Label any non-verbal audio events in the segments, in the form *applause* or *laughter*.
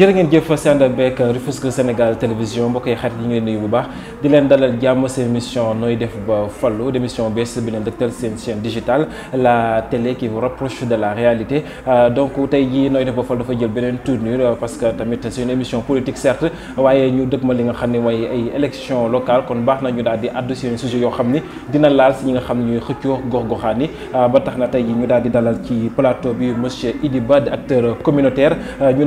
jërë ngeen jëf seen beeg Rufisque Sénégal télévision mbokk yi xarit yi ngi nuyu bu baax di leen dalal jàmm seen émission nooy def ba fallu émission bees bi leen dëgtal seen chaîne la télé qui vous de la réalité euh, donc tey jii nooy def ba fallu dafa jël beneen tournure euh, parce que tamit c'est une émission politique certes waaye ñu dëgmal li nga xam ne mooy ay élection locale kon baax na ñu daal di àddu seen sujet yoo xam ni dina laal si ñi nga xam ne ñuy euh, na tey ñu daal di dalal ci plateau bi monsieur Idy Ba di acteur communautaire ñu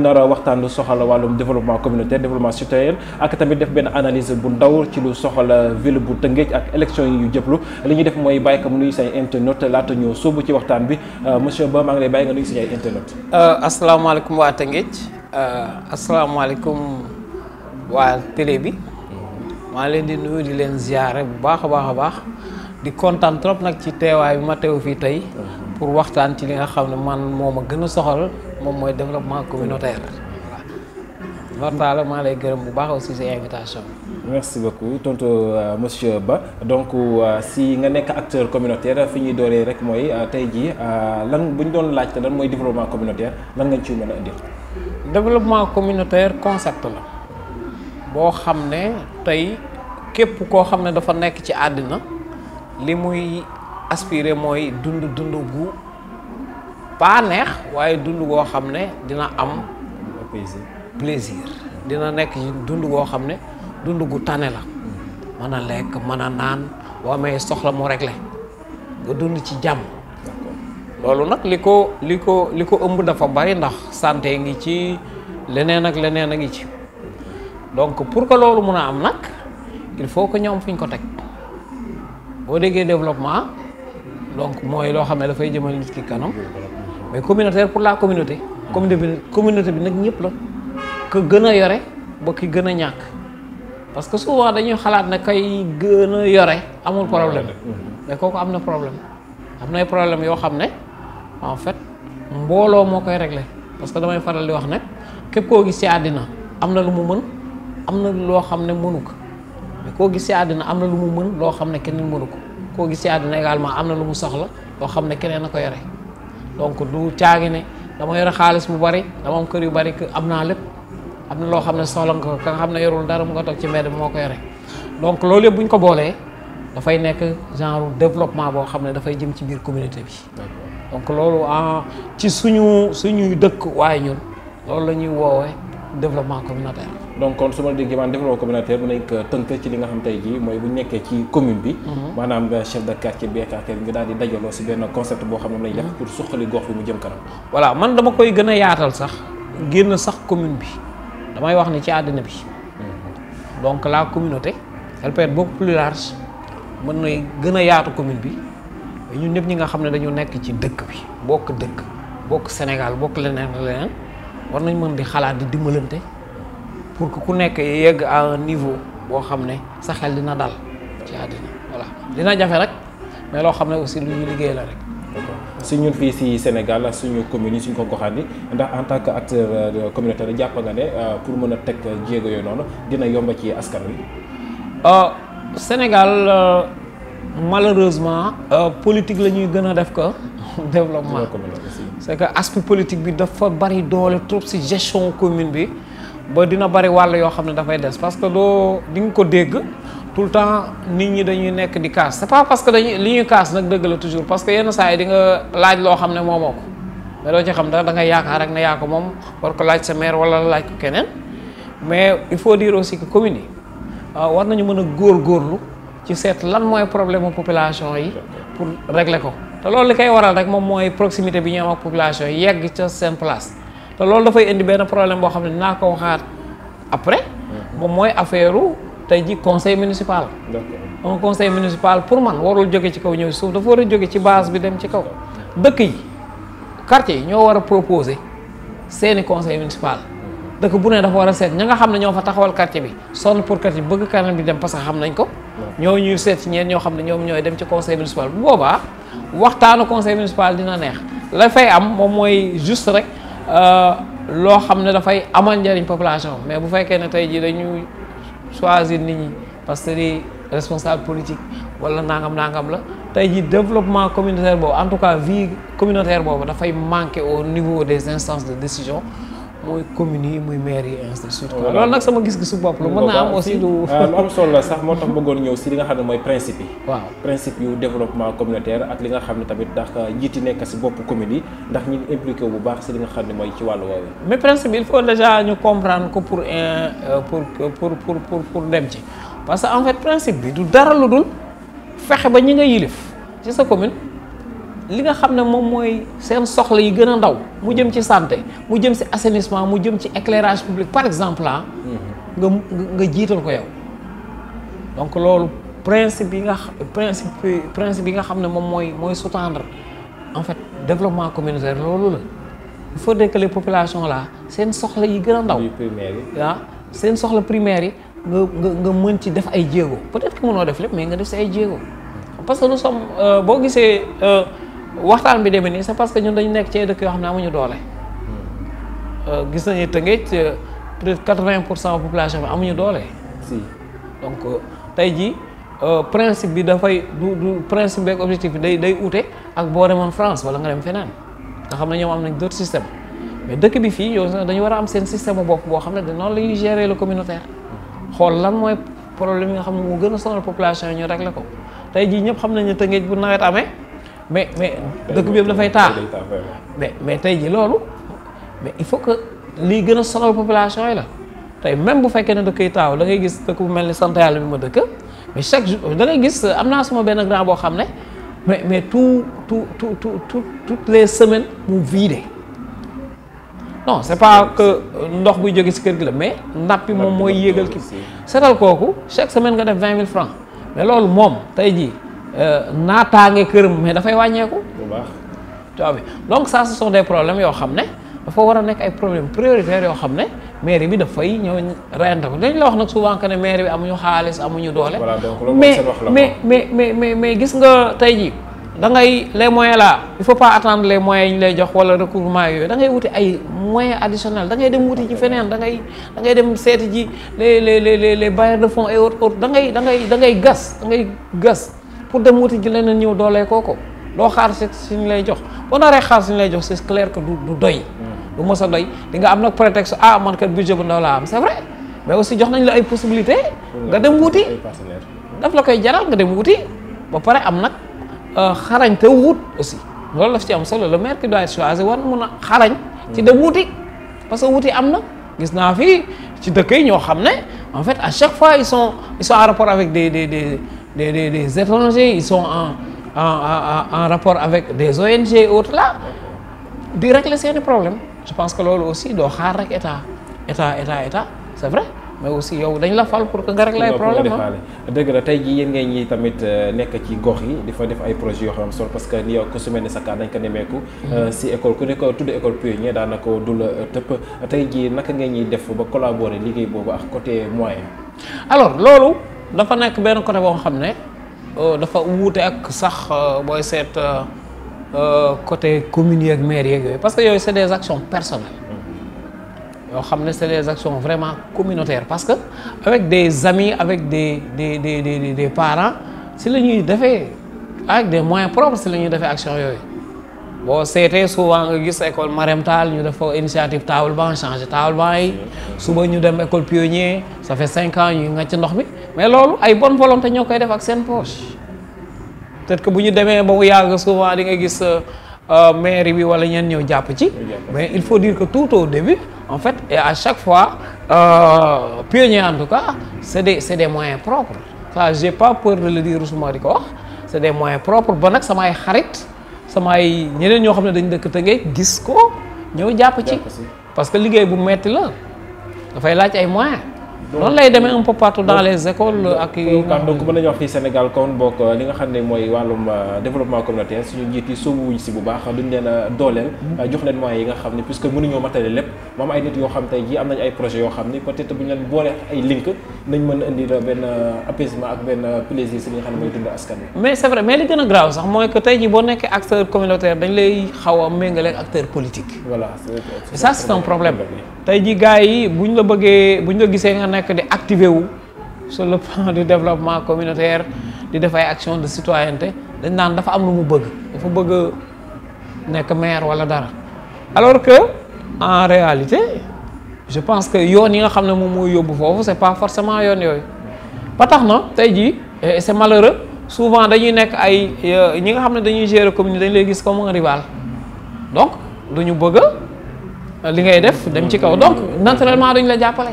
soxal wàllum développement communautaire développement citoyen ak tamit def benn analyse bu ndaw ci lu soxal ville bu Tëngéej ak élection yi ñu jëplu li ñuy def mooy bàyyi ko mu nuyu say internautes laata ñoo sóobu ci waxtaan bi euh, monsieur Ba maa ngi lay bàyyi nga nuyu say internautes. Euh, asalaamaaleykum waa euh, asalaamaaleykum waa télé bi. maa leen di nuyu di leen ziare bu baax a baax a baax di kontaan trop nag ci teewaay bi ma teew fii tey mhm. pour waxtaan ci li nga xam ne man moo ma gën a soxal moom mooy développement communautaire. Mortala lay gërëm bu baax aussi si invitation merci beaucoup tontu euh, monsieur Ba donc euh, si nga nekk acteur communautaire fi ñuy dooree rek mooy euh, tey jii lan bu ñu doon laajte lan mooy développement communautaire lan ci mën a indil. développement communautaire concept la boo xam ne tey képp koo xam ne dafa nekk ci àddina li muy aspirer mooy dund dund gu paa waaye dund goo xam ne dina am. plaisir dina nekk dund goo xam ne dund gu tane la mën a lekk mën a naan boo amee soxla mu réglé nga dund ci jàmm loolu nag li ko li ko li ko ëmb dafa bari ndax santé ngi ci leneen ak leneen a ngi ci donc pour que loolu mun a am nag il faut que ñoom fuñ ko teg boo déggee développement donc mooy loo xam ne dafay jëmal nit ki kanam mais communautaire pour la communauté communauté bi nag ñëpp la ka gën a yore ba ki gën a ñàkk parce que souvent dañuy xalaat ne kay gën a yore amul problème mm-hmm. mais kooku am na problème am nay problème yoo xam ne en fait mbooloo moo koy réglé parce que damay faral di wax ne képp koo gis ci àddina am na lu mu mën am na loo xam ne mënu ko koo gis ci àddina am na lu mu mën loo xam ne keneen mënu ko koo gis ci àddina am na lu mu soxla loo xam ne keneen a ko yore donc du caagi ne dama yore xaalis bu bari dama kër yu bari am naa lépp am na loo xam ne soxla nga ko ka nga xam ne yorul dara mu nga toog ci mbedd moo ko yore donc loolu yëpp bu ñu ko boolee dafay nekk genre développement boo xam ne dafay jëm ci biir communauté bi. donc loolu ci suñu suñuy dëkk waaye ñun loolu la ñuy woowee développement communautaire. donc kon su ma déggee maanaam développement communautaire bu nekk tënk ci li nga xam tey jii mooy bu ñu nekkee ci commune bi. Mhm. maanaam chef de quartier bi quartier bi nga daal di dajaloo si benn concept boo xam ne lay def mhm. pour suqali gox bi mu jëm kanam. voilà man dama koy gën a yaatal sax génn sax commune bi. damay wax ni ci àddina bi donc la communauté elle peut être beaucoup mën na gën a yaatu commune bi ñun ñëpp ñi nga xam ne dañu nekk ci dëkk bi bokk dëkk bokk Sénégal bokk leneen leneen war nañ mën di xalaat di dimbalante pour que ku nekk yegg à niveau boo xam ne sa xel dina dal ci àddina voilà dina jafe rek mais loo xam ne aussi lu ñu liggéey la rek si ñu fii si Sénégal suñu communes yi suñu ko goxaan ndax en tant que acteur euh, communautaire jàpp nga ne euh, pour mën a teg jéego yooyu noonu dina yomba ci askan wi. Euh, Sénégal malheureusement politique la ñuy gën a def ko *laughs* développement c'est que aspect politique bi dafa bari doole trop si gestion commune bi ba dina bari wàll yoo xam ne dafay des parce que doo di nga ko dégg. tout le temps nit ñi dañuy nekk di kaas c'est pas parce que dañuy li ñuy kaas nag dëgg la toujours parce que yenn saa yi di nga laaj loo xam ne moomoo ko mais doo ci xam dara da nga yaakaar rek ne yaa ko moom war ko laaj sa maire wala laaj ko keneen mais il faut dire aussi que commune yi euh, war nañu mën a góor góorgóorlu ci seet lan mooy problème population yi pour régler ko te loolu li koy waral rek moom mooy proximité bi ñu am ak population yi yegg ca seen place te loolu dafay indi benn problème boo xam ne dinaa ko waxaat après mm. moom mooy affaire tey ji conseil municipal. un conseil municipal pour man warul jóge ci kaw ñëw suuf dafa war a jóge ci base bi dem ci kaw. dëkk yi quartier yi ñoo war a proposer seeni conseil municipal. dëkk bu ne dafa war a seet ña nga xam ne ñoo fa taxawal quartier bi sonn pour quartier bi bëgg kanam bi dem parce que xam nañ ko. ñoo ñuy seet ci ñoo xam ne ñoom ñooy dem ci conseil municipal bu boobaa waxtaanu conseil municipal dina neex la fay am moom mooy juste rek euh, loo xam ne dafay amal njariñ population mais choisir nit ñi parce que di responsable politique wala nangam nangam la tey ji développement communautaire boobu en tout cas vie communautaire boobu dafay manquer au niveau des instances de décision mooy commune yi muy maire yi ainsi de nag sama gis-gisu bopp la mën naa am aussi ah, lu am solo la sax moo tax bëggoon ñëw si li nga xam ne mooy principe yi waaw principe yu développement communautaire ak li nga xam ne tamit ndax njiiti nekk si bopp commune yi ndax ñu impliqué bu baax si li nga xam ne mooy ci wàllu woowu mais principe il faut déjà ñu comprendre ko pour euh, pour euh, pour pour pour pour dem ci parce que en fait principe bi du dara lu dul fexe ba ñi nga yilif ci sa commune li nga xam ne moom mooy seen soxla yi gën a ndaw mu jëm ci santé mu jëm ci assainissement mu jëm ci éclairage public par exemple ah nga nga jiital ko yow donc loolu principe yi nga principe principe yi nga xam ne moom mooy mooy sous en fait développement communautaire loolu la il faudrait que les populations seen soxla yi gën a ndaw ah seen soxla primaire yi nga nga nga mën ci def ay jéego peut-être que noo def lépp mais nga def si ay jéego parce que nous euh, boo gisee euh, waxtaan bi demee nii c'est parce que ñun dañu nekk ci ay dëkk yoo xam ne amuñu doole. Euh, gis nañu Tëngéej peut être quatre pour cent population bi amuñu doole. donc euh, tey jii euh, principe bi dafay du du principe beeg objectif bi day day ute ak boo demoon France wala nga dem feneen nga xam ne ñoom am nañ d'autres systèmes mais dëkk bi fii yow dañu war a am seen système bopp boo xam ne noonu la ñuy gérer le communautaire xool lan mooy problème yi nga xam ne moo gën a sonal population yi ñu réglé ko tey jii ñëpp xam nañu Tëngéej bu nawet amee. mais mais dëkk bi yëpp dafay taa mais mais tey ji loolu mais il faut que lii gën a sonal population yi la tey même bu fekkee ne dëkk yi taaw da ngay gis dëkk bu mel ni sant yàlla bi ma dëkk mais chaque jour da gis am naa suma benn grand boo xam ne mais mais tout tout tout tout tout toutes les semaines mu vidé non c'est pas que ndox buy jóge si kër gi la mais ndàppi moom mooy yéegal ki setal kooku chaque semaine nga def vingt mille francs mais loolu moom tey jii Euh, naataange këram mais dafay wàññeeku. bu baax tu vois donc sa ce sont des problèmes yoo xam ne dafa war a nekk ay problèmes prioritaires yoo xam ne mairie bi dafay ñëw reyante ko dañ la wax nag su que ne mairie bi amuñu xaalis amuñu doole. mais mais mais mais mais gis nga tey jii. dangay ngay les moyens là il faut pas attendre les moyens yi ñu lay jox wala recouvrement yooyu da ngay wuti ay moyens additionnels da dem wuti ci feneen da ngay da dem seeti ji les les les ba bailleurs de fonds et autres da ngay da da ngay gas ngay gas. pour dem wuti ji leneen ñëw doolee kooko doo xaar si suñ lay jox boo naree xaar suñ lay jox c'est clair que du du doy mm. du mos a doy di nga am nag prétexte ah man kat budget bu ndaw laa am c'est vrai mais aussi jox nañ la ay possibilité nga dem wuti daf la koy jaral nga dem wuti ba pare am nag euh, xarañ te wut aussi loolu daf ci am solo le maire qui doit être choisi war na xarañ ci dem wuti parce que wuti am na gis naa fi ci dëkk yi ñoo xam ne en fait à chaque fois ils des, des, des étrangers, ils sont en, rapport avec des ONG et autres di régler seeni problème je pense que loolu aussi doo xaar rek état état état état c'est vrai mais aussi yow dañ la fal pour que nga réglé lay problème ah. dëgg la tey ji yéen ngeen ñi tamit euh, nekk ci gox yi di fa def ay projet yoo xam solo parce que ni yow ku su ne sa kaa dañ ko nemeeku mm-hmm. euh, si école ku ne ko tudd école pionnier daanaka du euh, tëpp tey jii naka ngeen ñuy def ba collaborer liggéey boobu ak côté moyen alors loolu dafa nekk benn côté boo xam ne euh, dafa wuute ak sax euh, booy seet euh, côté commune yeeg maire yeeg yooyu parce que yooyu c'est des actions personnelles yoo xam ne c'est des actions vraiment communautaires parce que avec des amis avec des des des des des parents si la ñuy defee avec des moyens propres si la ñuy defee action yooyu boo seetee souvent nga gis école Marème Tall ñu def fa initiative table banc changé table banc yi suba ñu dem école pionnier ça fait cinq ans ñu nga ci ndox mi mais loolu ay bonne volonté ñoo koy def ak seen poche peut-être que bu ñu demee ba mu yàgg souvent di nga gis euh, mairie bi wala ñeen ñëw jàpp ci mais il faut dire que tout au début en fait et à chaque fois euh, en tout cas c'est des c'est des moyens propres ça j'ai pas peur de le dire suma di ko wax c'est des moyens propres ba nag samay xarit sama ay ñeneen ñoo xam ne dañ dëkk Tëngéej gis ko ñëw jàpp ci parce que liggéey bu metti la dafay laaj ay moyens noonu lay demee un peu partout dans les écoles ak donc mën nañu wax fii Sénégal kon bokk euh, li nga xam ne mooy wàllum euh, développement communautaire suñu njiit yi sóobu wuñ si bu baax duñ leen a dooleel hmm. euh, jox leen moyens yi nga xam ne puisque mënuñoo matale lépp moom ay nit yoo xam tey jii am nañ ay projets yoo xam ne peut-être bu ñu leen boolee ay link nañ mën a indi benn apaisement ak benn plaisir si li nga xam ne mooy dund askan mais c'est vrai a grave sax mooy que tey jii boo nekkee acteur a méngale ak acteur politique voilà ça c'est un problème tey ji gars yi bu ñu la bëggee bu ñu la gisee nga nekk di activer wu sur le plan du développement communautaire di def ay action de citoyenneté dañ naan dafa am lu mu bëgg dafa bëgg nekk maire wala dara alors que en réalité je pense que yoon yi nga xam ne moom mooy yóbbu foofu c'est pas forcément yoon yooyu ba tax na tey jii c'est malheureux souvent dañuy nekk ay euh, ñi nga xam ne dañuy gérer commune dañ lay gis comme un rival donc duñu bëgg li ngay def dem ci kaw donc naturellement duñ la jàppale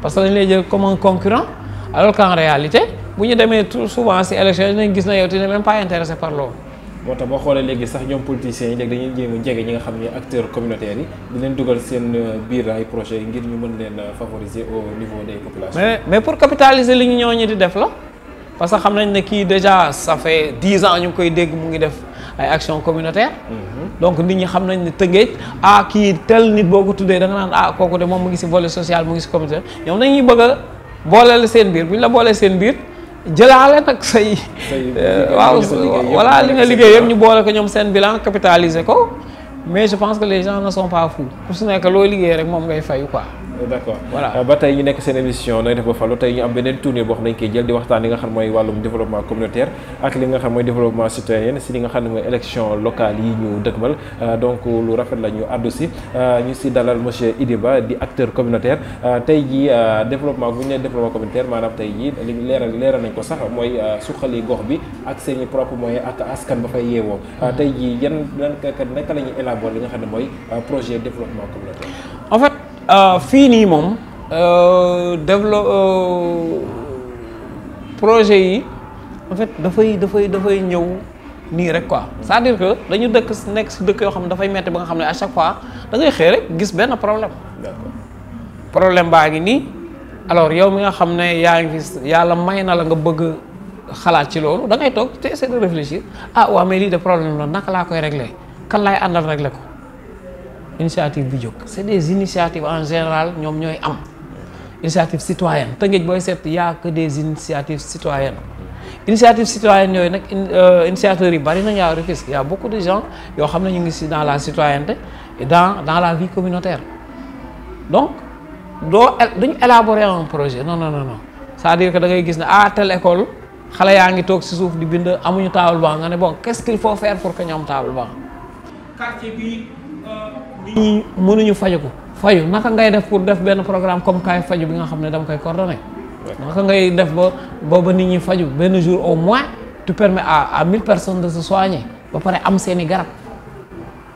parce que dañ lay jël comme un concurrent alors réalité bu ñu demee tout souvent si élection dinañ gis na yow tu n'es même pas intéressé par loolu moo tax boo xoolee léegi sax ñoom politiciens yi léegi dañuy jéem a ñi nga xam ne acteurs communautaires yi di leen dugal seen euh, biir ay yi ngir ñu mën leen euh, favoriser au niveau des populations. mais mais pour capitaliser li ñu ñooñu di def la parce que xam nañ ne kii déjà ça fait dix ans ngi koy dégg mu ngi def ay action communautaire mhm. donc nit ñi xam nañ ne tëngeej ah kii tel nit boo ko tuddee da naan ah kooku de moom mu ngi si vole social mu ngi si communautaire ñoom dañuy bëgg a booleel seen biir bu ñu la boolee seen biir jëlaale nag say euh, waaw voilà li nga liggéey yëpp ñu boole ko ñoom seen bilan capitaliser ko mais je pense que les gens ne sont pas fous ku su nekk loo liggéey rek moom ngay fayu quoi Euh, d'accord voilà euh, ba tey ñu nekk seen émission nooy def ba falu tey ñu am beneen tournée boo xam ne dañ koy jël di waxtaan li nga xam mooy wàllum développement communautaire ak li nga xam mooy développement citoyen si li nga xam ne mooy euh, ñu si dalal monsieur Idy Ba di acteur communautaire tey jii développement bu ñu nee développement communautaire maanaam tey jii li leeral leeral nañ ko sax mooy suqali gox bi ak seen i propre moyen ak askan ba fay yeewoo ah. tey jii yan lan naka la ñuy élaborer li nga xam ne mooy projet développement communautaire en Euh, fii nii moom euh, développe euh, projet yi en dafay dafay dafay ñëw nii rek quoi c'est-à-dire que dañu dëkk nekk si dëkk yoo xam ne dafay metti ba nga xam ne à chaque fois dangay ngay xëy rek gis benn problème problème baa ngi nii alors yow mi nga xam ne yaa ngi yàlla may na la nga bëgg xalaat ci loolu da ngay toog te essayer de réfléchir ah waaw mais lii de problème la naka laa koy régler kan laay àndal régler ko initiative bi jóg c'est des initiatives en général ñoom ñooy am initiative citoyenne Tëngéej booy seet y'a que des initiatives citoyennes initiative citoyenne yooyu nag euh, initiateurs yi bari nañ yaa Rufisque y'a beaucoup de gens yoo xam ne ñu ngi si dans la citoyenneté et dans dans la vie communautaire donc doo duñ élaborer un projet non non non non c'est-à-dire que da ngay gis ne ah telle xale yaa ngi toog si suuf di bind amuñu table banc nga ne bon qu'est-ce qu'il faut pour que ñu am ñi mënuñu faju ko fayu naka ngay def pour def benn programme comme kaay faju bi nga xam ne dama koy coordonné naka ngay def ba booba nit ñi faju benn jour au moins tu permets à à mille personnes de se soigner ba pare am seen i garab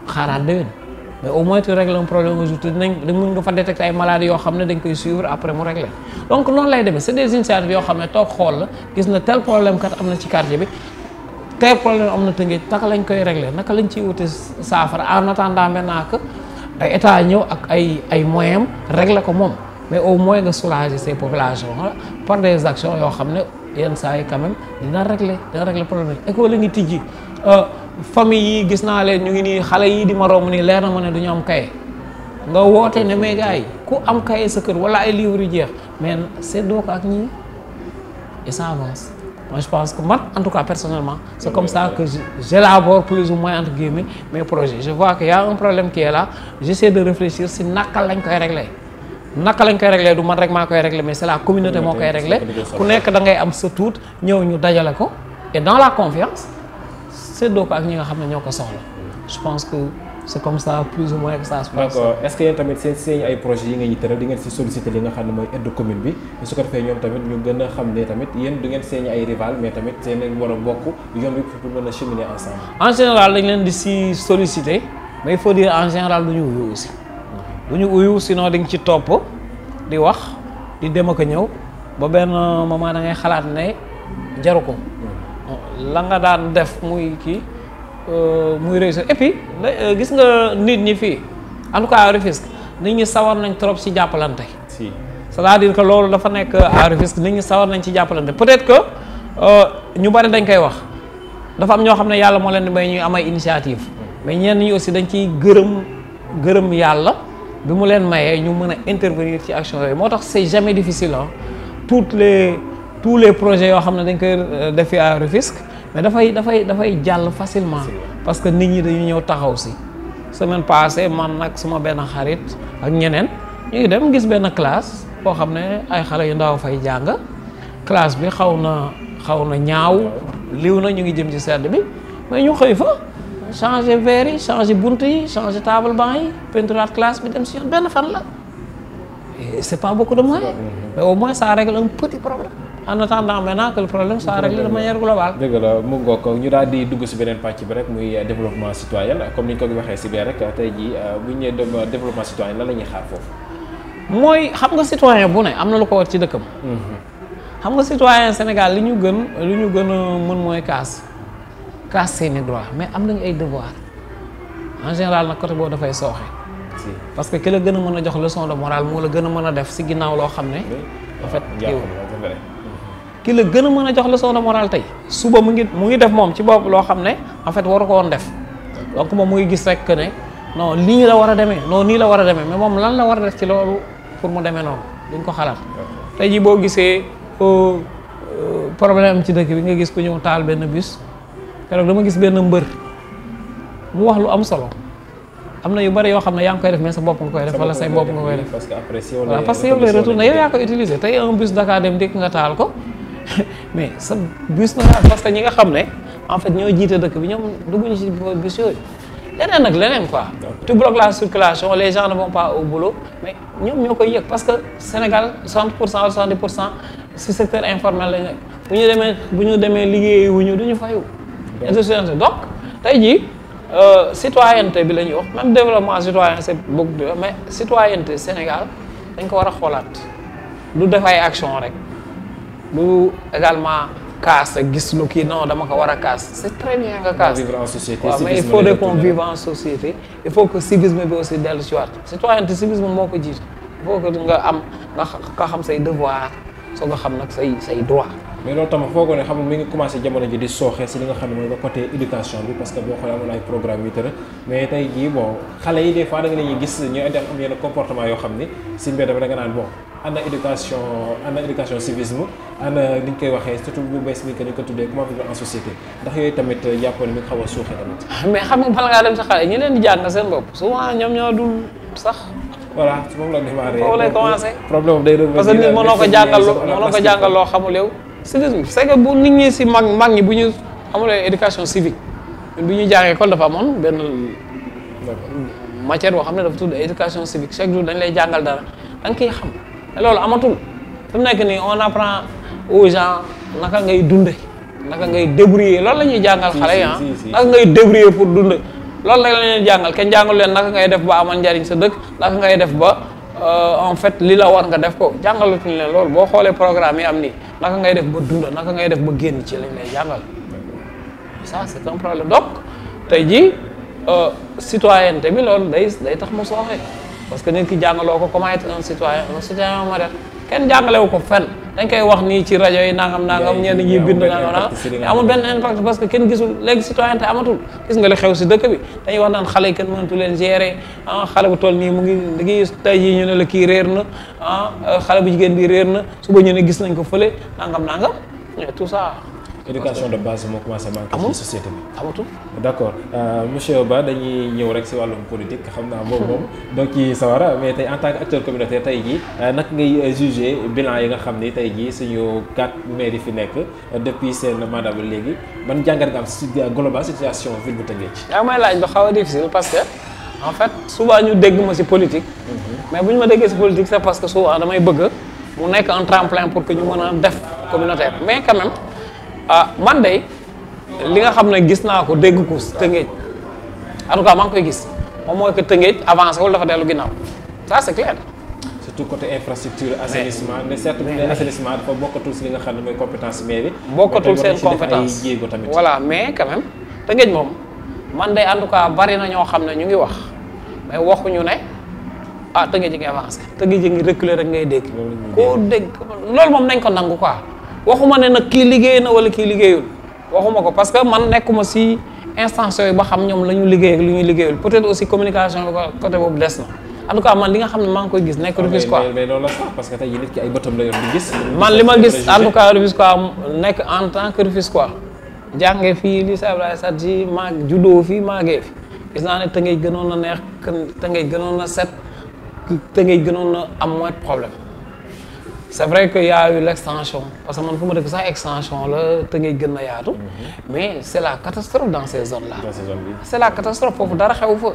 xaaraat déwén mais au moins tu règles un problème aujourd'hui dinañ mën nga fa détecter ay maladies yoo xam ne dañ koy suivre après mu régler donc noonu lay deme c'est des initiatives yoo xam ne toog xool la gis na tel problème na ci quartier bi lañ koy régler naka lañ ciy wute saafara en attendant maintenant que ay état ñëw ak ay ay moyens régler ko moom mais au moins nga soulager ces populations par des actions yoo xam ne yenn saa yi quand dina régler dina régler problème école la ngi tijji euh, famille yi gis naa leen ñu ngi nii xale yi di ma romb nii leer na ma ne duñu am kaye nga woote ne mais gars yi ku am kaye sa kër wala ay livres yu jeex mais seddoo ko ak ñii et avance. moi je pense que man en tout cas personnellement c'est comme ça que j'élabore plus ou moins entre guillemets mes projets je vois que y a un problème qui est là j'essaie de réfléchir si naka lañ koy régler naka lañ koy régler du man rek maa koy régler mais c'est la communauté moo koy régler ku nekk da ngay am sa tuut ñëw ñu dajale ko et dans la confiance seddoo ko ak ñi nga xam ne ñoo ko soxla je pense que c'est comme ça plus ou moins que ça se passe. d'accord est-ce que yéen tamit seen seen ay projets yi ngeen ñu tëral di ngeen si solliciter li nga xam ne mooy aide commune bi su ko defee ñoom tamit ñu gën a xam ne tamit yéen du ngeen seen ay rival mais tamit seen war a bokk yoon bi pour mën a cheminer ensemble. en général dañ leen di si solliciter mais il faut dire en général du ñu uyu aussi. du ñu uyu sinon dañ ci topp di wax di dem ak a ñëw ba benn moment da ngay xalaat ne jaru ko. Hmm. la nga daan def muy kii. Euh, muy réussir et puis euh, gis nga nit ñi fii en tout cas Rufisque nit ñi sawar nañ trop ci jàppalante. si c'est-à-dire que loolu dafa nekk à Rufisque nit ñi sawar nañ ci jàppalante peut-être que euh, ñu bari dañ koy wax dafa am ñoo xam ne yàlla moo leen may ñuy am ay initiative mais ñenn ñu aussi dañ ciy gërëm gërëm yàlla bi mu leen mayee ñu mën a intervenir ci action yooyu moo tax c'est jamais difficile ah toutes les tous les projets yoo xam ne dañ koy defee à Rufisque. mais dafay dafay dafay jàll facilement parce que nit ñi dañu ñëw taxaw si semaine passée man nag suma benn xarit ak ñeneen ñu ngi dem gis benn classe koo xam ne ay xale yu ndaw fay jàng classe bi xaw na xaw na ñaaw liw na ñu ngi jëm ci sedd bi may ñu xëy fa changer verre yi changer bunt yi changer table banc yi peinturaat classe bi dem si yoon benn fan la c'est pas beaucoup de moyens mais au moins ça règle un petit problème en attendant maintenant que le ñu daal di dugg si beneen pàcc bi rek muy développement citoyen comme ni ñu ko waxee tey jii euh, bu ñu nee euh, développement citoyen lan la mooy xam nga citoyen bu ne am na lu ko war ci dëkkam. Mhm. xam nga citoyen Sénégal li ñu gën li ñu gën mën mooy kaas kaas seeni droit mais am nañu ay devoir en général na côté boobu dafay sooxe. parce que ki la gën a mën a jox leçon de morale moo la gën a mën a def si ginnaaw loo xam ne. en fait ah, ki la gën a mën a jox la leçon de morale tey suba mu ngi mu ngi def moom ci bopp loo xam ne en fait waru ko woon def donc moom mu ngi gis rek que ne non lii la war a demee non nii la war a demee mais moom lan la war a def ci loolu pour mu demee noonu duñ ko xalaat tey jii boo gisee euh, euh, problème ci dëkk bi nga gis ku ñëw taal benn bus keroog dama gis benn mbër mu wax lu am solo am na yu bari yoo xam ne yaa ngi koy def mais sa bopp nga koy def wala say bopp nga koy ko *laughs* mais sa bus na parce que ñi nga xam ne en fait ñoo jiite dëkk bi ñoom dugguñu ci bus yooyu leneen ak leneen quoi tu bloques la circulation les gens ne pas au boulot mais ñoom ñoo koy yëg parce que Sénégal 60 pour cent ou 70 pour cent si secteur informel lañ nekk bu ñu demee bu ñu demee liggéey wuñu du ñu fayu insuffisance donc tey jii euh, citoyenneté bi la ñuy wax même développement citoyen c'est beaucoup mais citoyenneté Sénégal dañ ko war a xoolaat du def ay action rek bu également casse gis nu kii non dama ko war a casse c'est très bien nga casse vivre société mais il faut de qu'on vive en société il faut que civisme bi aussi dellu si waat citoyenneté civisme moo ko jiitu il faut que nga am nga xam say devoir soo nga xam nag say say droit mais tamit foogoo ne xam ngi commencé jamono ji di sooxee si li nga xam ne mooy le côté éducation bi parce que boo xoolee amoon ay programme yu tëra mais tamit jàppoon mi ngi xaw suuxee tamit *laughs* mais xam bala ngaa dem sa xale ñi leen di jàng seen bopp souvent ñoom ñoo dul sax voilà ci moom la démarré. foofu lay commencé problème day parce que nit mënoo ko jàngal loo xamul yow. c' est que bu si mag mag ñi bu ñu amulee éducation civique ñun bu ñuy jàng école dafa moom benn matière boo xam ne dafa tudd éducation civique chaque jour dañ lay jàngal dara da nga xam te loolu amatul fi mu nekk nii on apprend au gens naka ngay dunde naka ngay débrouiller loolu la ñuy jàngal xale yi ah. naka ngay débrouiller pour dunde loolu rek la jàngal kenn jàngal leen naka ngay def ba amal njariñ sa dëkk naka ngay def ba euh, en fait li la war nga def ko jàngalatuñ leen lool boo xoolee programme yi am nii naka ngay def ba dund naka ngay def ba génn ci lañ lay jàngal ça c'est un problème donc tey jii euh, citoyenneté bi loolu day day tax mu sooxe parce que nit ki jàngaloo ko comment être un citoyen un citoyen moderne kenn jàngalewu ko fenn dañ koy wax nii ci rajo yi nangam nangam ñenn ñi bind nangam nangam ah. amul benn impact parce que kenn gisul léegi citoyenneté gis nga li xew si dëkk bi dañuy wax naan xale yi kenn mënatu leen gérer ah xale bu toll nii mu ngi da ngay tey jii ñu ne la kii reer na ah xale bu jigéen bi réer na suba ñu ne gis nañ ko fële nangam nangam tout ça éducation de base moo commencé manqué ci société bi amatul d' accord euh, xam naa boobu moom hmm. donc ci sawara mais tey en tant acteur communautaire tey jii euh, naka ngay euh, jugé bilan yi nga xam ni tey jii suñu quatre maires yi fi nekk depuis seen mandat ba léegi ban jàngat nga am si global situation ville bu Tëngéej ci yaa may laaj ba xaw a difficile en fait souvent ñu dégg ma si politique hmm. mais bu ñu ma déggee si politique c'est parce que damay bëgg mu nekk un tremplin pour que ñu mën a def ah man de li nga xam ne gis naa ko dégg ko Tëngéej en tout cas maa ngi koy gis moom mooy que Tëngéej avancé wala dafa dellu ginnaaw ça c'est clair. surtout côté infrastructure assainissement mais certes bu ne assainissement dafa bokkatul si ne mooy compétence mairie. bokkatul mais quand même Tëngéej moom man de en tout cas bari na ñoo xam ne ñu ngi wax mais waxuñu ne. ah tëngéej ji ngay avancé tëngéej ji ngi reculer ak ngay dégg koo dégg loolu moom nañ ko nangu quoi waxuma ne nag kii liggéey na wala kii liggéeyul waxuma ko parce que man nekkuma si instance yooyu ba xam ñoom la ñu liggéey ak lu ñuy liggéeyul peut-être aussi communication bi côté boobu des na en tout cas man li nga xam ne maa ngi koy gis nekk ah, Rufisque quoi mais loolu la sax parce que li ma gis en tout cas Rufisque quoi nekk en tant que Rufisque quoi jàngee fii lycée Abdoulaye Sadji maa juddoo fii maagee fi gis naa ne te ngay gënoon a neex te ngay gënoon na set te ngay gënoon a am moins problème c' vrai que y' a eu l' extension parce que man fu ma dëkk sax extension la te ngay gën a yaatu. Mhm. mais c' la catastrophe dans ces zones là. dans ces zones là c' est la catastrophe foofu dara xew fa.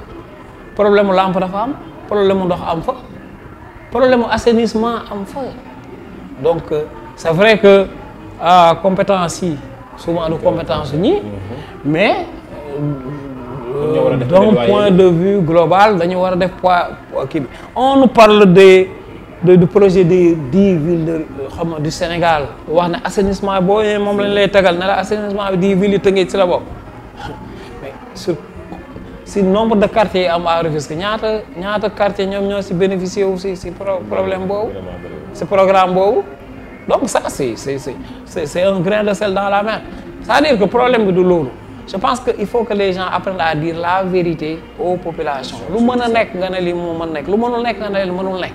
problème mu lampe dafa am problème mu ndox am fa problème mu assainissement am fa donc euh, c' est vrai que ah compétence yi souvent du compétence ñi mhm. mais. Euh, d'un point de vue global dañu war a def poids kii on parle des. de du projet de dix villes de xam du Sénégal wax ne assainissement boo moom lañ lay tagal ne la assainissement bi dix villes yi Tëngéej ci la bokk mais si nombre de quartiers yi am à Rufisque ñaata ñaata quartier ñoom ñoo si bénéficier wu si si problème boobu si programme boobu donc ça c'est c'est c'est c'est un grain de dans la mer cest dire que problème bi du loolu je pense que il faut que les gens apprennent à dire la vérité aux populations lu mën a nekk nga ne lii moo mën nekk lu mënul nekk nga nekk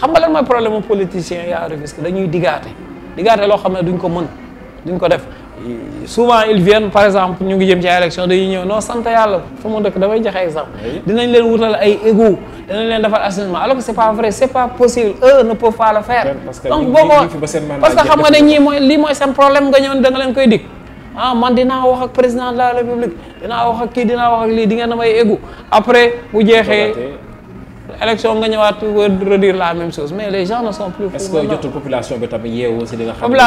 xam nga lan mooy problème mu politicien yaa Rufisque dañuy digaate digaate loo xam ne duñ ko mën duñ ko def souvent ils par exemple ñu ngi jëm ci ay élection dañuy ñëw non sant yàlla fu mu dëkk damay joxe exemple dinañ leen wutal ay égout dinañ leen defal assainissement alors que c' est pas vrai c' est pas possible eux ne peuvent pas le faire donc booboo parce que xam nga ne lii mooy seen problème nga ñëw da nga leen koy dig ah, man dinaa wax président de la république dinaa wax kii dinaa wax lii di ngeen damay après bu jeexee élection nga ñëwaat redire la même chose mais les gens ne sont plus. est-ce li nga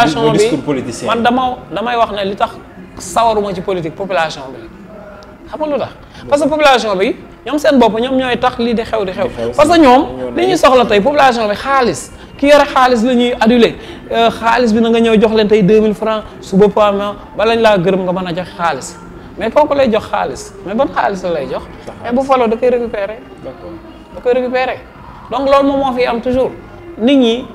xam ne discours politicien man dama damay wax ne li tax sawaruma ci politique population bi la xam tax. parce que population bi ñoom seen bopp ñoom ñooy tax lii di xew di xew. parce que ñoom li ñuy soxla tey population bi xaalis. ki yore xaalis la ñuy adulé euh, xaalis bi na nga ñëw jox leen tey 2000 francs suba paiement ba lañ laa gërëm nga mën a jox xaalis mais kooku lay jox xaalis mais ban xaalis la lay jox. mais bu da koy récupérer. da koy récupérer donc loolu moom moo fi am toujours nit ñi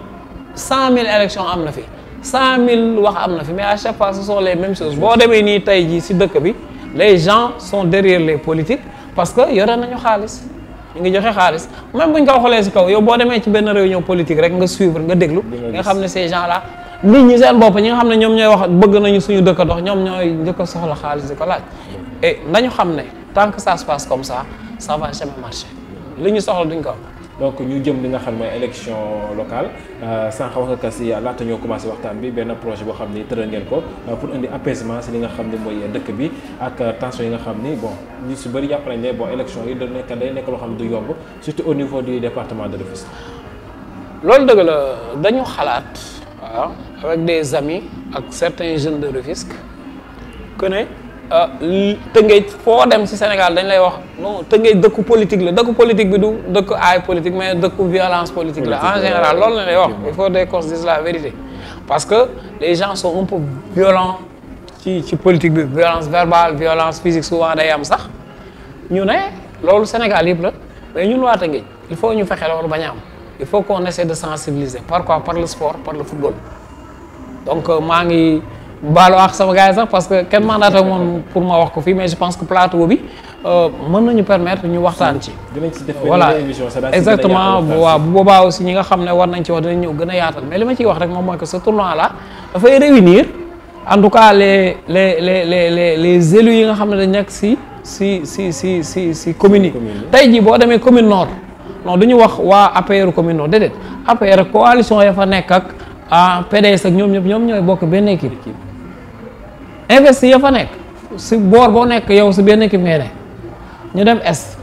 cent mille élections am na fi cent mille wax am na fi mais à chaque fois ce les mêmes choses boo demee nii tey jii si dëkk bi les gens les politiques parce que yore nañu xaalis ñu ngi joxe xaalis même bu ñu ko xoolee si kaw boo demee ci benn réunion politique rek nga nga déglu nga xam ne ces gens là nit ñi seen bopp ñi nga xam ne ñoom ñooy wax bëgg nañu suñu dëkk ndox ñoom ñooy njëkk a soxla xaalis di ko laaj et nañu xam ne tant que sa se passe comme ça ça va jamais li ñu soxla duñ ko am donc ñu jëm li nga xam mooy élection locale euh, sànq wax nga si laata ñoo commencé waxtaan bi benn projet boo xam ni tëral ngeen ko euh, pour indi apaisement si li nga xam ni mooy dëkk bi ak euh, tension yi nga xam ni bon ñu si bëri jàpp nañ ne bon élection yi da nekk day nekk loo xam ne du yomb surtout au niveau du département de Rufisque. loolu dëgg la dañu xalaat waaw ah, avec des amis ak certains jeunes de Rufisque que ne Euh, Tëngéej foo dem ci Sénégal dañ lay wax non Tëngéej dëkku politique la dëkku politique bi du dëkku aay politique mais dëkku violence politique la en général loolu lañ lay wax il faut des qu'on se la vérité parce que les gens sont un peu violents ci ci politique bi violence verbale violence physique souvent day am sax ñu ne loolu Sénégal yëpp la mais ñun waa Tëngéej il faut ñu fexe loolu bañ am il faut qu'on essaie de sensibiliser par quoi par le sport par le football donc euh, maa baalu ak sama gars yi sax parce que kenn mandaté moom pour ma wax ko fii mais je pense que plateau bi euh, mën nañu permettre ñu waxtaan ci. voilà exactement waaw bu boobaa aussi ñi nga xam ne war nañ ci wax dinañ ñëw gën a yaatal mais li ma ciy wax rek moom mooy que ce tournoi là dafay réunir en tout cas le les les les les les élus yi nga xam ne dañ nekk si si si si si si commune yi. tey jii boo demee commune nord. non du ñu wax waa APR commune nord déedéet APR coalition ya fa nekk ak ah, PDS ak ñoom ñëpp ñoom ñooy bokk benn équipe. investi ya fa nekk si boor boo nekk yow si benn équipe ngay ne ñu dem est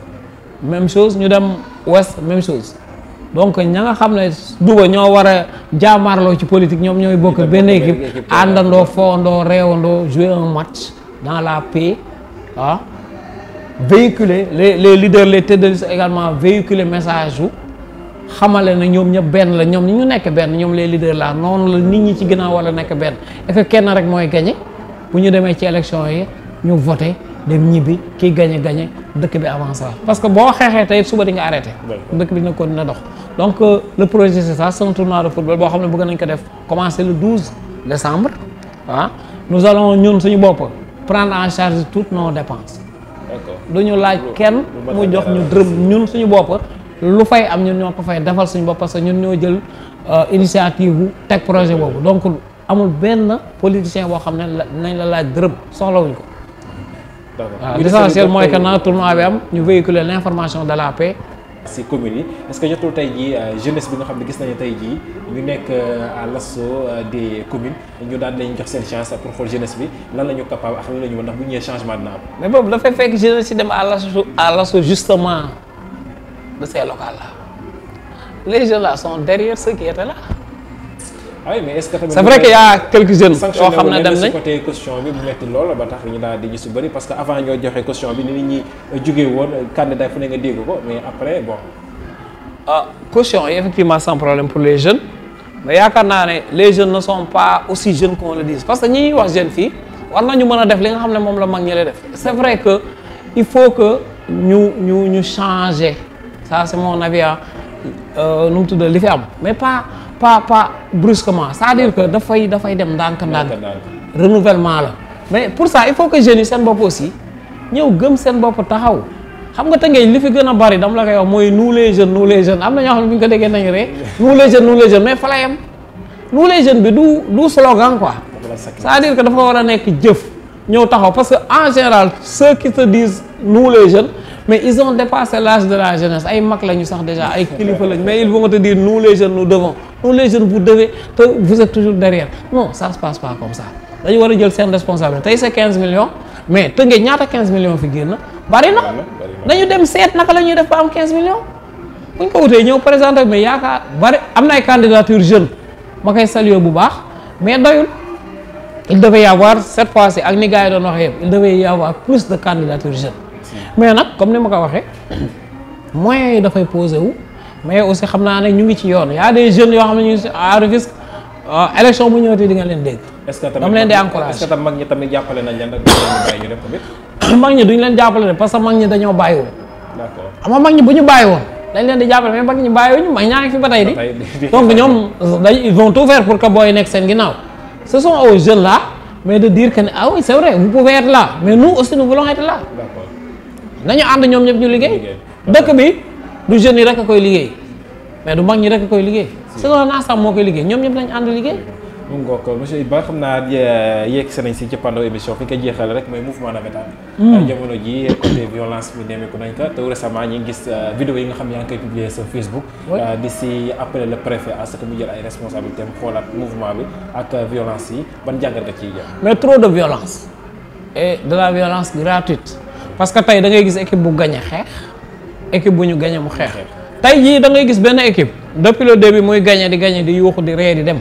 même chose ñu dem ouest même chose donc ña nga xam ne duba ñoo war a jaamaarloo ci politique ñoom ñooy bokk benn équipe àndandoo foondoo réewandoo jouer un match dans la paix ah véhiculer les les leaders les têtes de liste également véhiculer message wu xamale na ñoom ñëpp benn la ñoom ni ñu nekk benn ñoom les leaders la noonu la nit ñi ci ginnaaw wala nekk benn et kenn rek mooy gagné bu ñu demee ci élection yi ñu voté dem ñibbi kii gañe gañe dëkk bi avancé waat parce que boo xeexee tey suba di nga arrêté. dëkk bi dina ko dina dox. donc euh, le projet c'est ça c'est un tournoi de football boo xam ne bëgg nañ ko def commencer le 12 décembre ah nous allons ñun suñu bopp prendre en charge toutes nos dépenses. d'accord duñu laaj kenn mu jox ñu dërëm ñun suñu bopp. lu fay am ñun ñoo ko fay defal suñu bopp que ñun ñoo jël euh, initiative bu teg projet boobu donc. amul benn politicien boo xam ne nañ la laaj soxla wuñ ko. waaw l'essentiel mooy que na tournoi bi am ñu véhiculer l' information de la paix. si communes yi est-ce que jotul tey jii euh, jeunesse bi nga xam ne gis nañu tey jii ñu nekk euh, à l'assaut euh, des communes ñu daan leen jox seen chance pour xool jeunesse bi lan la ñu capable ak lan la ñu ndax bu ñu changement dina mais boobu dafay fekk jeunesse yi dem à l'assaut à l'assaut justement de ces locales là les jeunes là sont derrière oui mais est-ce que tamit. c'est vrai que y a quelques jeunes. yoo xam ne dem nañ côté bi mu metti lool ba tax ñu daal di gis bëri parce que avant ñoo joxe caution bi ni nit ñi jugee woon candidat fu ne nga dégg ko mais après bon. ah effectivement sans problème pour les jeunes mais yaakaar naa ne le jeunes ne sont pas aussi jeunes qu'on le dit parce que ñi wax jeunes fii war nañu mën a def li nga xam ne moom la mag ñi lay def c'est vrai que il faut que ñu ñu ñu changer ça c'est mon avis euh, nu mu tudd li fi am pas pas brusquement c'est-à-dire que dafay dafay dem ndànk-ndànk renouvellement la mais pour ça il faut que jeunes yi seen bopp aussi ñëw gëm seen bopp taxaw xam nga tëngeej li fi gën a bari dama la koy mooy nous les jeunes nous les jeunes am na ñoo xam ne bu ñu ko déggee nañ ree nous les jeunes nous les jeunes mais fa bi du slogan quoi c'est-à-dire dafa war a nekk jëf ñëw taxaw parce que en général ceux qui se disent nous les jeunes mais ils ont dépassé l'âge de la jeunesse ay mag lañu sax déjà ay kilifa lañu mais ils vont te dire nous les jeunes nous devons nous les jeunes te vous toujours derrière non ça se passe pas comme ça dañu war a jël seen responsabilité tey c'est 15 mais tënkee ñaata 15 millions fi génna bari na nañu dem seet naka la ñuy def ba am 15 millions bu ñu ko wutee ñëw présenté mais yaakaar bari am na ay candidature jeune ma koy saluer bu baax mais doyul il devait y avoir cette fois-ci ak ni gars yi y avoir plus de candidature jeune mais nag comme ni ma ko waxee moyens yi dafay posé wu mais aussi xam naa ne ñu ngi ci yoon y a des yoo xam ne ñu ngi si à risque euh, bu ñëwati di nga leen dégg. tam leen rek bàyyi *coughs* mag ñi duñ leen jàppale rek parce mag ñi dañoo bàyyi woon. d'accord mag ñi bu ñu bàyyi woon dañ leen di jàppale mais mag ñi bàyyi ñu mag ñaa ngi fi ba tey di donc ñoom dañ ils vont tout faire pour que booy nekk seen ginnaaw ce ah c'est vrai vous pouvez être mais nous aussi nous nañu ànd ñoom ñëpp ñu liggéey dëkk bi du jeunes yi rek a koy liggéey mais du mag ñi a koy liggéey selon ensemble moo koy liggéey ñoom ñëpp lañu ànd liggéey mu ngi ko monsieur Iba xam naa euh, yegg si nañ si émission fi ko jeexal rek mooy mouvement navétane hmm. jamono ji côté violence bi nemeeku nañ ko te récemment ñu ngi gis euh, vidéo yi nga xam yaa ngi koy euh, di si appeler le préfet à ce que mu ay responsabilités mu xoolaat parce que tey da ngay gis équipe bu gañe xeex équipe bu ñu gañe mu xeex tey jii da ngay gis benn équipe depuis le début muy gañe di gañe di yuuxu di ree di dem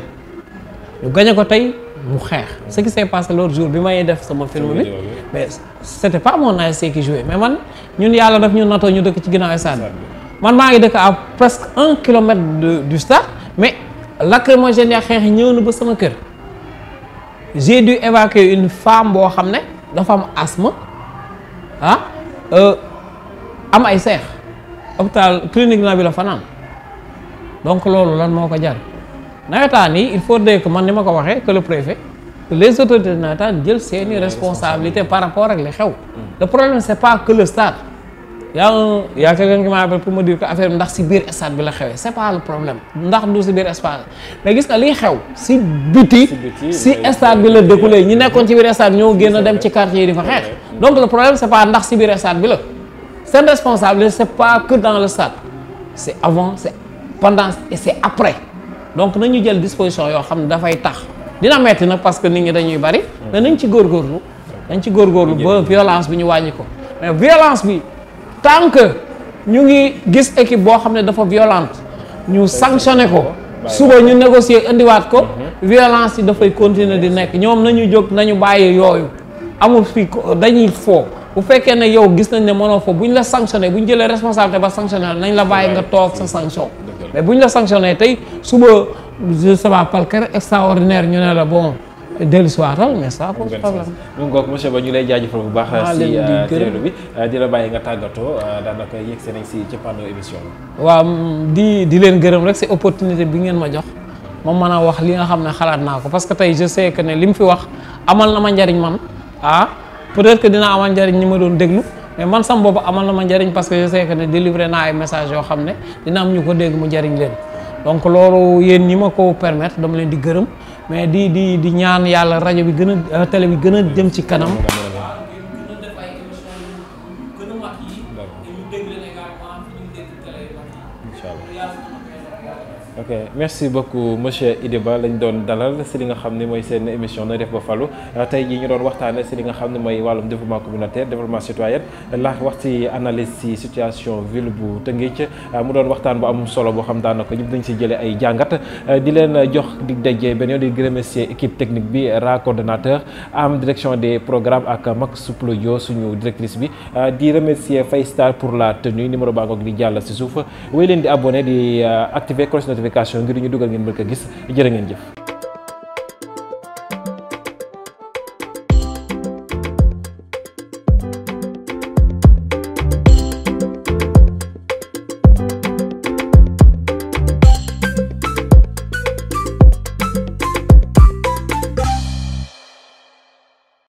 ñu gañe ko tey mu xeex ce qui s'est passé l'autre jour bi may def sama film bi mais c'était pas mon ASC qui mais man ñun yàlla daf ñu natoo ñu dëkk ci ginnaaw stade man maa ngi dëkk à presque un kilomètre du stade mais lacrymogène ya xeex ñëw na ba sama kër j'ai dû évacuer une femme boo xam ne dafa am asthme ah euh, am ay seex hôpital clinique na bi la fanaan donc loolu lan moo ko jar nawetaan yi il faut dire que man ni ma ko waxee que le préfet que les autorités nawetaan jël seeni responsabilité par rapport ak li xew le problème c'est pas que le stade yaa yaa quelqu'un qui m'a appelé pour me dire que affaire ndax si biir stade bi la xewee c'est pas le problème ndax du si biir espace mais gis nga lii xew si biti si stade bi la découlé ñi nekkoon ci biir stade ñoo génn dem ci quartier yi di fa xeex donc la problème c'est pas ndax si biir stade bi la seen responsable c'est pas que dans le stade c'est avant c'est pendant et après donc nañu jël disposition yoo xam ne dafay tax dina metti nag parce que nit ñi dañuy bari mais nañ ci góorgóorlu dañ ci góorgóorlu ba violence bi ñu wàññi ko mais violence bi tant que ñu ngi gis équipe boo xam ne dafa violente ñu sanctionné ko suba ñu négocier indiwaat ko mhm. violence yi dafay continuer di nekk ñoom nañu jóg nañu bàyyi yooyu amul fii dañuy foo bu fekkee ne yow gis nañ ne mënoo foo bu ñu la sanctionné bu ñu jëlee responsabilité ba sanctionné nañ la bàyyi nga toog sa sanction mais bu ñu la sanctionné tey suba je sais pas par extraordinaire ñu ne la bon dellu si waatal mais ça pose problème. mu ngoog monsieur Ba ñu lay jaajëfal bu baax. maa leen di si euh, bi euh, di bàyyi nga tàggatoo euh, daanaka yegg see nañ si cappaandaw émission waaw mm, di di leen gërëm rek si opportunité bi ngeen ma jox. ma mën a wax li nga xam ne xalaat naa ko parce que tey je sais que ne li mu fi wax amal na ma njariñ man. ah peut-être que dina amal njariñ ñi ma doon déglu mais man sam bopp amal na ma njariñ parce que je sais que ne délivré naa ay message yoo xam ne dina am ñu ko dégg mu njariñ leen donc loolu yéen ñi ma ko permettre dama leen di gërëm mais di di di ñaan yàlla rajo bi gën a euh, télé bi gën a dem ci kanam ok merci beaucoup monsieur Idiba lañ doon dalal si li nga xam ne mooy seen émission na def ba falu euh, tey jii ñu doon waxtaane si li nga xam ne mooy wàllum développement communautaire développement citoyen laax wax ci analyse si situation ville bu Tëngéej euh, mu doon waxtaan bu am solo boo xam daanaka ñëpp dañ si jëlee ay jàngat euh, di leen jox di dajee benn yoon di remercier équipe technique bi ra coordonnateur am direction des programmes ak Max Plodio suñu directrice bi di remercier Faystar pour la tenue numéro baa ngoog di jàll si suuf wéy leen di notification ngir ñu dugal ngeen mën gis jërë ngeen